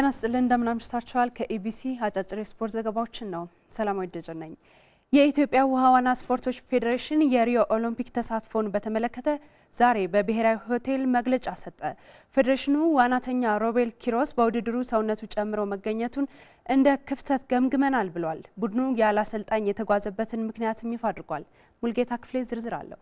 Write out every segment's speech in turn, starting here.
ጤና ስጥልን እንደምን አምሽታችኋል። ከኢቢሲ አጫጭር የስፖርት ዘገባዎችን ነው። ሰላማዊ ደጀ ነኝ። የኢትዮጵያ ውሃ ዋና ስፖርቶች ፌዴሬሽን የሪዮ ኦሎምፒክ ተሳትፎን በተመለከተ ዛሬ በብሔራዊ ሆቴል መግለጫ ሰጠ። ፌዴሬሽኑ ዋናተኛ ሮቤል ኪሮስ በውድድሩ ሰውነቱ ጨምሮ መገኘቱን እንደ ክፍተት ገምግመናል ብሏል። ቡድኑ ያለ አሰልጣኝ የተጓዘበትን ምክንያትም ይፋ አድርጓል። ሙልጌታ ክፍሌ ዝርዝር አለው።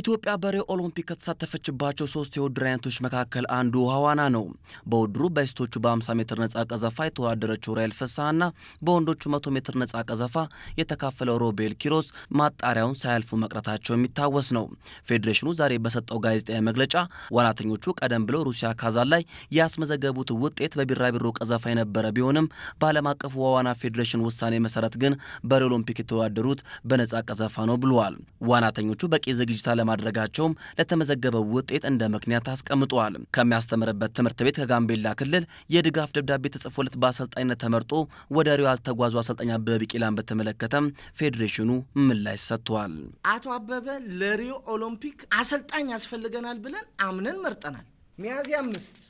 ኢትዮጵያ በሪዮ ኦሎምፒክ ከተሳተፈችባቸው ሶስት የውድድር አይነቶች መካከል አንዱ ውሃ ዋና ነው። በውድድሩ በሴቶቹ በ50 ሜትር ነጻ ቀዘፋ የተወዳደረችው ራይል ፍስሐና በወንዶቹ 100 ሜትር ነጻ ቀዘፋ የተካፈለው ሮቤል ኪሮስ ማጣሪያውን ሳያልፉ መቅረታቸው የሚታወስ ነው። ፌዴሬሽኑ ዛሬ በሰጠው ጋዜጣዊ መግለጫ ዋናተኞቹ ቀደም ብለው ሩሲያ ካዛን ላይ ያስመዘገቡት ውጤት በቢራቢሮ ቀዘፋ የነበረ ቢሆንም በዓለም አቀፉ ውሃ ዋና ፌዴሬሽን ውሳኔ መሰረት ግን በሪዮ ኦሎምፒክ የተወዳደሩት በነጻ ቀዘፋ ነው ብለዋል። ዋናተኞቹ በቂ ዝግጅት አለማድረጋቸውም ለተመዘገበው ውጤት እንደ ምክንያት አስቀምጠዋል። ከሚያስተምርበት ትምህርት ቤት ከጋምቤላ ክልል የድጋፍ ደብዳቤ ተጽፎለት በአሰልጣኝነት ተመርጦ ወደ ሪያል ተጓዙ አሰልጣኝ አበበ ቢቂላን በተመለከተም ፌዴሬሽኑ ምላሽ ሰጥቷል። አቶ አበበ ለሪዮ ኦሎምፒክ አሰልጣኝ ያስፈልገናል ብለን አምነን መርጠናል። ሚያዝያ አምስት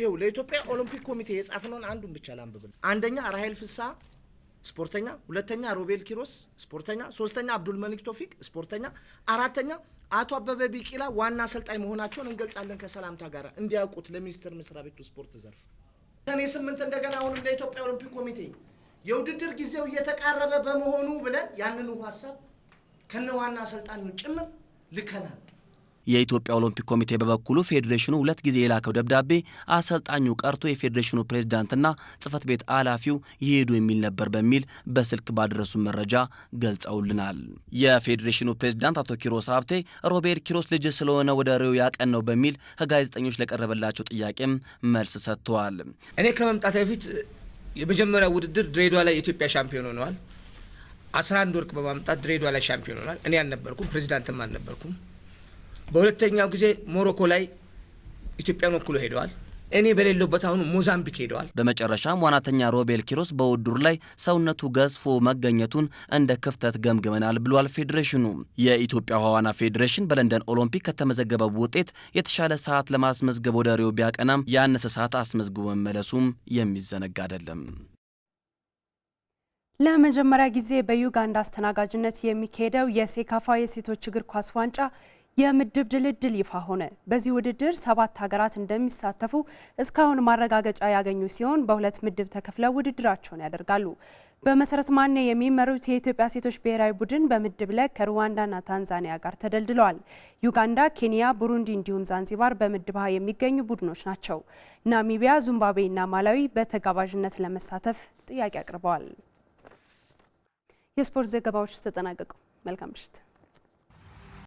ይኸው ለኢትዮጵያ ኦሎምፒክ ኮሚቴ የጻፍነውን አንዱን ብቻ ላንብብል። አንደኛ ራሄል ፍስሐ ስፖርተኛ፣ ሁለተኛ ሮቤል ኪሮስ ስፖርተኛ፣ ሶስተኛ አብዱል መሊክ ቶፊቅ ስፖርተኛ፣ አራተኛ አቶ አበበ ቢቂላ ዋና አሰልጣኝ መሆናቸውን እንገልጻለን። ከሰላምታ ጋር እንዲያውቁት ለሚኒስቴር መስሪያ ቤቱ ስፖርት ዘርፍ ሰኔ ስምንት እንደገና አሁንም ለኢትዮጵያ ኦሎምፒክ ኮሚቴ የውድድር ጊዜው እየተቃረበ በመሆኑ ብለን ያንኑ ሀሳብ ከነ ዋና አሰልጣኙ ጭምር ልከናል። የኢትዮጵያ ኦሎምፒክ ኮሚቴ በበኩሉ ፌዴሬሽኑ ሁለት ጊዜ የላከው ደብዳቤ አሰልጣኙ ቀርቶ የፌዴሬሽኑ ፕሬዝዳንትና ጽህፈት ቤት ኃላፊው ይሄዱ የሚል ነበር በሚል በስልክ ባደረሱ መረጃ ገልጸውልናል። የፌዴሬሽኑ ፕሬዝዳንት አቶ ኪሮስ ሀብቴ ሮቤርት ኪሮስ ልጅ ስለሆነ ወደ ሪዮ ያቀን ነው በሚል ከጋዜጠኞች ለቀረበላቸው ጥያቄም መልስ ሰጥተዋል። እኔ ከመምጣት በፊት የመጀመሪያ ውድድር ድሬዷ ላይ የኢትዮጵያ ሻምፒዮን ሆነዋል። 11 ወርቅ በማምጣት ድሬዷ ላይ ሻምፒዮን ሆኗል። እኔ አልነበርኩም፣ ፕሬዚዳንትም አልነበርኩም። በሁለተኛው ጊዜ ሞሮኮ ላይ ኢትዮጵያን ወክሎ ሄደዋል። እኔ በሌለበት አሁን ሞዛምቢክ ሄደዋል። በመጨረሻም ዋናተኛ ሮቤል ኪሮስ በውድድሩ ላይ ሰውነቱ ገዝፎ መገኘቱን እንደ ክፍተት ገምግመናል ብሏል ፌዴሬሽኑ። የኢትዮጵያ ውሃ ዋና ፌዴሬሽን በለንደን ኦሎምፒክ ከተመዘገበው ውጤት የተሻለ ሰዓት ለማስመዝገብ ወደ ሪዮ ቢያቀናም ያነሰ ሰዓት አስመዝግቦ መመለሱም የሚዘነጋ አይደለም። ለመጀመሪያ ጊዜ በዩጋንዳ አስተናጋጅነት የሚካሄደው የሴካፋ የሴቶች እግር ኳስ ዋንጫ የምድብ ድልድል ይፋ ሆነ። በዚህ ውድድር ሰባት ሀገራት እንደሚሳተፉ እስካሁን ማረጋገጫ ያገኙ ሲሆን በሁለት ምድብ ተከፍለው ውድድራቸውን ያደርጋሉ። በመሰረት ማኔ የሚመሩት የኢትዮጵያ ሴቶች ብሔራዊ ቡድን በምድብ ላይ ከሩዋንዳና ታንዛኒያ ጋር ተደልድለዋል። ዩጋንዳ፣ ኬንያ፣ ቡሩንዲ እንዲሁም ዛንዚባር በምድብ ሀ የሚገኙ ቡድኖች ናቸው። ናሚቢያ፣ ዙምባብዌና ማላዊ በተጋባዥነት ለመሳተፍ ጥያቄ አቅርበዋል። የስፖርት ዘገባዎች ተጠናቀቁ። መልካም ምሽት።